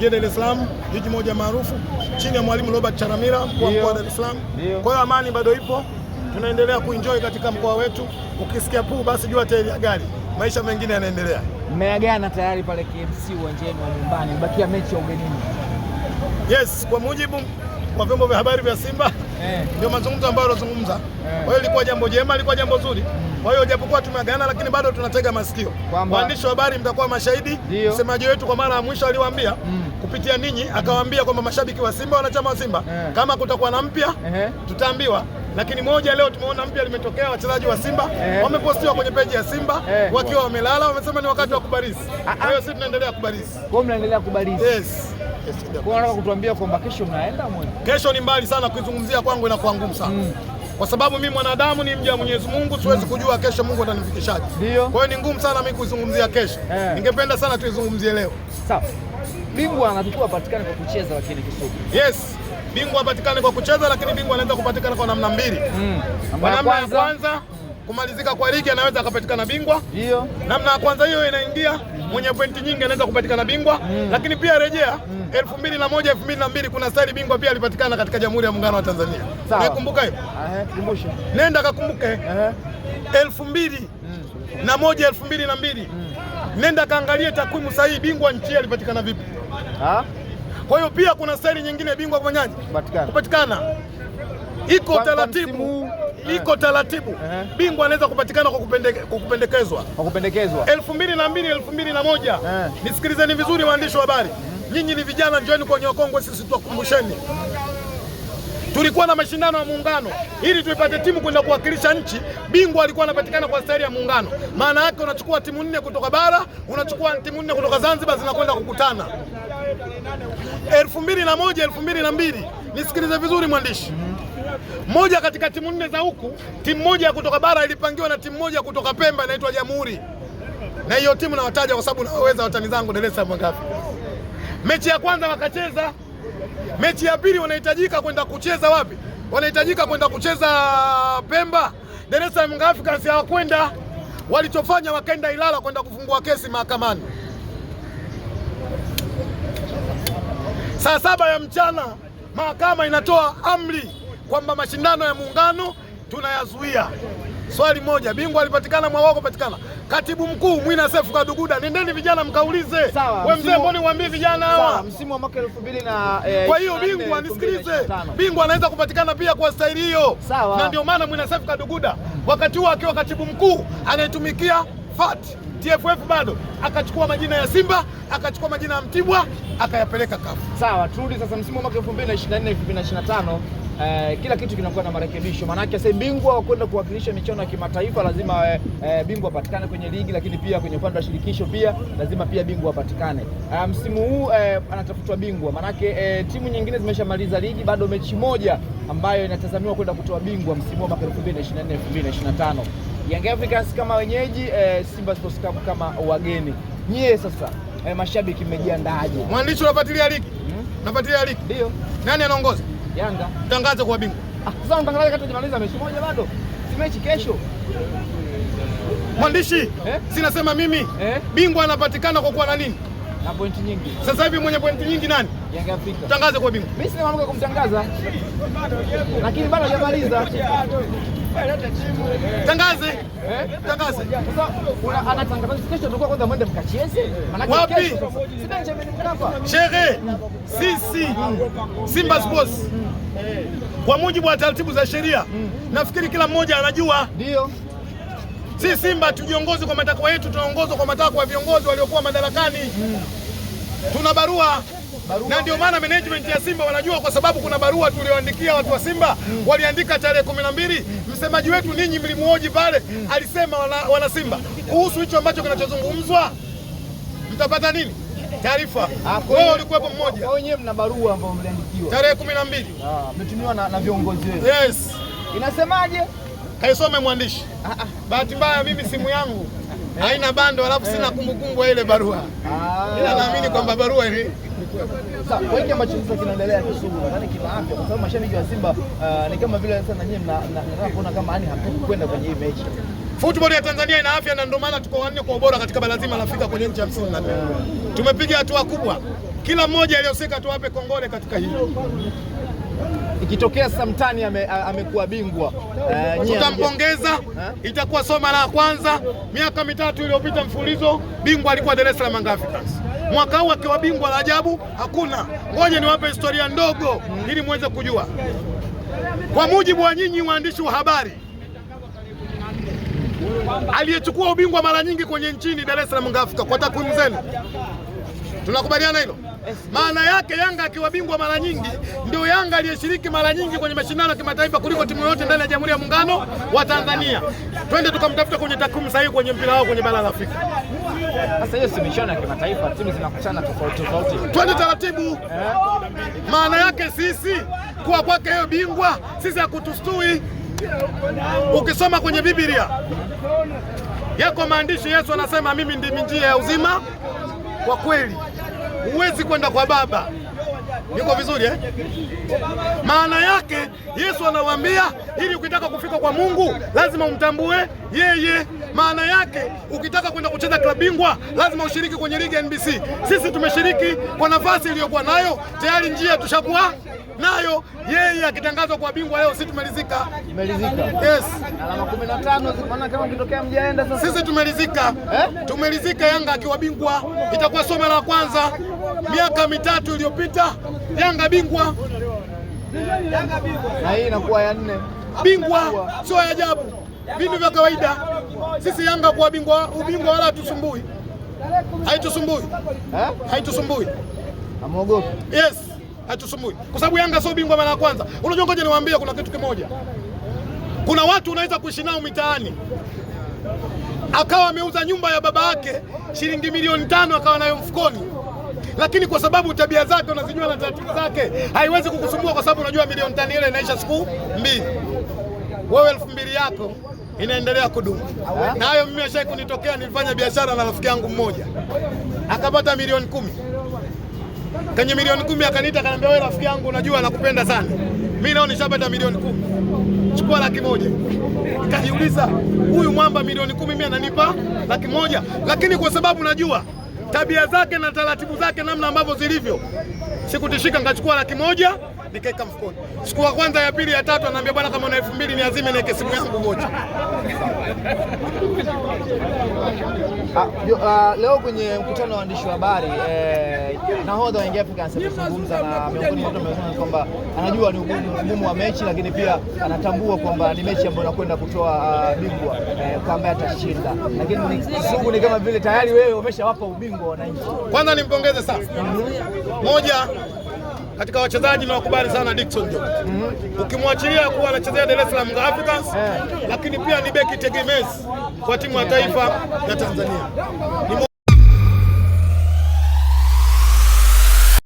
jijini Dar es Salaam, jiji moja maarufu chini ya mwalimu Robert Charamira, kwa mkoa wa Dar es Salaam. Kwa hiyo amani bado ipo, tunaendelea kuenjoy katika mkoa wetu. Ukisikia puu, basi jua tayari ya gari, maisha mengine yanaendelea. Mmeagana tayari pale KMC uwanjani wa nyumbani, bakia mechi ya ugenini. Yes, kwa mujibu wa vyombo vya habari vya Simba ndio mazungumzo ambayo alozungumza. Kwa hiyo ilikuwa jambo jema, ilikuwa jambo zuri. Kwa hiyo japokuwa tumeagana, lakini bado tunatega masikio. Waandishi wa habari mtakuwa mashahidi, msemaji wetu kwa mara ya mwisho aliwaambia mm. kupitia ninyi akawaambia kwamba mashabiki wa Simba, wanachama wa Simba eh. kama kutakuwa na mpya tutaambiwa lakini moja leo tumeona mpya limetokea, wachezaji wa Simba eh, wamepostiwa kwenye peji ya Simba eh, wakiwa wamelala, wamesema ni wakati wa kubarizi. Kwa hiyo sisi tunaendelea kubarizi, kwa mnaendelea kubarizi yes. Nataka kutuambia kwamba kesho mnaenda mwe? Kesho ni mbali sana kuizungumzia, kwangu inakuwa ngumu sana mm. Kwa sababu mimi mwanadamu ni mja wa Mwenyezi Mungu, siwezi mm. kujua kesho Mungu atanifikishaje. Kwa hiyo ni ngumu sana mimi kuizungumzia kesho eh. Ningependa sana tuizungumzie leo. Sawa. Bingwa anatakiwa apatikane kwa kucheza lakini kisugu. Yes. Bingwa apatikane kwa kucheza lakini bingwa anaweza kupatikana kwa namna mbili. Mm. Kwa namna ya kwanza, kwanza kumalizika kwa ligi anaweza akapatikana bingwa. Ndio. Namna ya kwanza hiyo inaingia mwenye pointi nyingi anaweza kupatikana bingwa mm. Lakini pia rejea mm. elfu mbili na moja elfu mbili na mbili kuna stari bingwa pia alipatikana katika Jamhuri ya Muungano wa Tanzania. Nakumbuka hiyo? Nenda kakumbuke elfu mbili mm. na moja elfu mbili na mbili mm. Nenda kaangalie takwimu sahihi, bingwa nchi alipatikana vipi? Kwa hiyo pia kuna stari nyingine bingwa kufanyaje kupatikana iko taratibu, iko taratibu. Bingwa anaweza kupatikana kwa kupendekezwa, kwa kupendekezwa elfu mbili na mbili elfu mbili na moja Nisikilizeni vizuri, waandishi wa habari, mhm. nyinyi ni vijana, njoeni kwenye wakongwe, sisi tuwakumbusheni tulikuwa na mashindano ya muungano ili tuipate timu kwenda kuwakilisha nchi. Bingwa alikuwa anapatikana kwa staili ya muungano. Maana yake unachukua timu nne kutoka bara, unachukua timu nne kutoka Zanzibar, zinakwenda kukutana elfu mbili na moja elfu mbili na mbili. Nisikilize vizuri mwandishi mhm. Moja katika timu nne za huku, timu moja ya kutoka bara ilipangiwa na timu moja kutoka Pemba inaitwa Jamhuri, na hiyo timu nawataja kwa sababu nawaweza watani zangu Dar es Salaam wangapi. Mechi ya kwanza wakacheza, mechi ya pili wanahitajika kwenda kucheza wapi? Wanahitajika kwenda kucheza Pemba. Dar es Salaam Africans hawakwenda, walichofanya wakaenda Ilala kwenda kufungua kesi mahakamani. Saa saba ya mchana mahakama inatoa amri kwamba mashindano ya muungano tunayazuia. Swali moja, bingwa alipatikana, mwawao patikana, Katibu mkuu Mwina Sefu Kaduguda, nendeni vijana mkaulize. We mzee, mboni niwaambie vijana hawa msimu wa mwaka elfu mbili na eh, kwa hiyo bingwa, nisikilize, bingwa anaweza kupatikana pia kwa staili hiyo, na ndio maana Mwina Sefu Kaduguda wakati huo akiwa katibu mkuu anaitumikia FAT TFF bado akachukua majina ya Simba akachukua majina ya Mtibwa akayapeleka kafu. Sawa, turudi sasa msimu wa mwaka 2024 2025 Eh, kila kitu kinakuwa na marekebisho, yake sasa bingwa wa kwenda kuwakilisha michuano ya kimataifa lazima eh, bingwa apatikane kwenye ligi, lakini pia kwenye upande wa shirikisho pia lazima pia bingwa apatikane. Eh, msimu huu eh, anatafutwa bingwa, yake eh, timu nyingine zimeshamaliza ligi, bado mechi moja ambayo inatazamiwa kwenda kutoa bingwa msimu wa mwaka 2024 2025. Young Africans kama wenyeji eh, Simba Sports Club kama wageni. Nyie sasa eh, mashabiki mmejiandaaje? Mwandishi unafuatilia ligi? Hmm? Unafuatilia ligi? Ndio. Nani anaongoza? Yanga. Tangaza kwa bingwa. Ah, sasa mtangazaje kati tumaliza mechi moja bado? Si mechi kesho. Mwandishi, eh? Sinasema mimi eh? Bingwa anapatikana kwa kuwa na nini? Na pointi nyingi. Sasa hivi mwenye pointi nyingi nani? Yanga Afrika. Tangaze kwa bingwa. Mimi sina mambo kumtangaza. Lakini bado hajamaliza. Tangaze. Tangaze. Wapi? Shehe, sisi Simba Sports kwa mujibu wa taratibu za sheria nafikiri kila mmoja anajua. Ndio. Si Simba tujiongoze kwa matakwa yetu, tunaongozwa kwa matakwa ya viongozi waliokuwa madarakani. Tuna barua na ndio maana management ya Simba wanajua, kwa sababu kuna barua tulioandikia watu wa Simba mm. waliandika tarehe kumi na mbili mm. msemaji wetu ninyi mlimuoji pale mm. alisema wana, wana Simba kuhusu hicho ambacho kinachozungumzwa mtapata nini taarifa ah, wewe ulikuwepo mmoja. wenyewe mna barua ambayo mliandikiwa tarehe kumi na mbili ah, mmetumiwa na viongozi wetu Yes. Inasemaje? Kaisome mwandishi. Ah, Bahati mbaya mimi simu yangu eh? haina bando, alafu sina eh. kumbukumbu ya ile barua, ila naamini kwamba barua ile sasa kwa hiki ambacho sasa kinaendelea nadhani kwa sababu mashabiki wa Simba uh, ni kama vile sasa na nyinyi mnataka kuona kama yani hamtaki kwenda kwenye hii mechi. Football ya Tanzania ina afya na ndio maana tuko wanne kwa ubora katika bara zima la Afrika kwenye nchi hamsini na mbili. Tumepiga hatua kubwa, kila mmoja aliyoseka tuwape kongole katika hili. Ikitokea Samtani amekuwa ame bingwa uh, tutampongeza, itakuwa soma la kwanza. Miaka mitatu iliyopita mfulizo bingwa alikuwa Dar es Salaam Africans mwaka huu akiwa bingwa la ajabu hakuna. Ngoja niwape historia ndogo ili muweze kujua. Kwa mujibu wa nyinyi waandishi wa habari, aliyechukua ubingwa mara nyingi kwenye nchini Dar es Salaam Afrika, kwa takwimu zenu tunakubaliana hilo? Maana yake Yanga akiwa bingwa mara nyingi, ndio Yanga aliyeshiriki mara nyingi kwenye mashindano ya kimataifa kuliko timu yoyote ndani ya Jamhuri ya Muungano wa Tanzania. Twende tukamtafuta kwenye takwimu sahihi kwenye mpira wao kwenye bara la Afrika. Sasa hiyo si michuano ya kimataifa, timu zinakutana tofauti tofauti. Twende taratibu, maana yake sisi kuwa kwake hiyo bingwa sisi hakutustui. Ukisoma kwenye Biblia yako maandishi, Yesu anasema mimi ndimi njia ya uzima wa kweli huwezi kwenda kwa Baba. Niko vizuri eh? Maana yake Yesu anawaambia ili ukitaka kufika kwa Mungu lazima umtambue yeye. Maana yake ukitaka kwenda kucheza klabu bingwa lazima ushiriki kwenye ligi NBC. Sisi tumeshiriki kwa nafasi iliyokuwa nayo tayari, njia tushakuwa nayo yeye akitangazwa kwa bingwa leo, sisi tumelizika. Yes. Alama 15 maana kama kitokea mjaenda sasa. Sisi tumelizika eh? Tumelizika Yanga akiwa bingwa itakuwa somo la kwanza. Miaka mitatu iliyopita Yanga bingwa na hii inakuwa ya nne. Bingwa sio ya ajabu, vitu vya kawaida. Sisi Yanga kwa bingwa ubingwa wala hatusumbui, haitusumbui eh? haitusumbui. Amuogopi. Yes hatusumbui, kwa sababu Yanga sio bingwa mara ya kwanza. Unajua, ngoja niwaambie, kuna kitu kimoja, kuna watu unaweza kuishi nao mitaani, akawa ameuza nyumba ya baba yake shilingi milioni tano akawa nayo mfukoni, lakini kwa sababu tabia zake unazijua na taratibu zake, haiwezi kukusumbua kwa sababu unajua milioni tano ile inaisha siku mbili, wewe elfu mbili yako inaendelea kudumu. Na hayo mimi ashai kunitokea, nilifanya biashara na rafiki yangu mmoja akapata milioni kumi Kwenye milioni kumi akaniita akaniambia, wewe rafiki yangu, unajua nakupenda sana. Mimi naona nishapata milioni kumi. Chukua laki moja. Nikajiuliza, huyu mwamba milioni kumi mimi ananipa laki moja, lakini kwa sababu najua tabia zake na taratibu zake namna ambavyo zilivyo, sikutishika, nikachukua laki moja nikaeka mfukoni. Siku ya kwanza, ya pili, ya tatu, anaambia bwana, kama una elfu mbili ni azime niweke simu yangu moja. Ah, ah, leo kwenye mkutano wa waandishi wa habari eh, nahodha wa Young Africans amezungumza na miongoni mwa watu kwamba anajua ni ugumu wa mechi, lakini pia anatambua kwamba ni mechi ambayo inakwenda kutoa ah, bingwa eh, kwa atashinda, lakini Sugu ni kama vile tayari wewe umeshawapa ubingwa wananchi. Kwanza nimpongeze sana moja katika wachezaji wakubali sana Dickson Job mm -hmm. Ukimwachilia kuwa anachezea Dar es Salaam Africans yeah. Lakini pia ni beki tegemezi kwa timu ya taifa ya Tanzania ni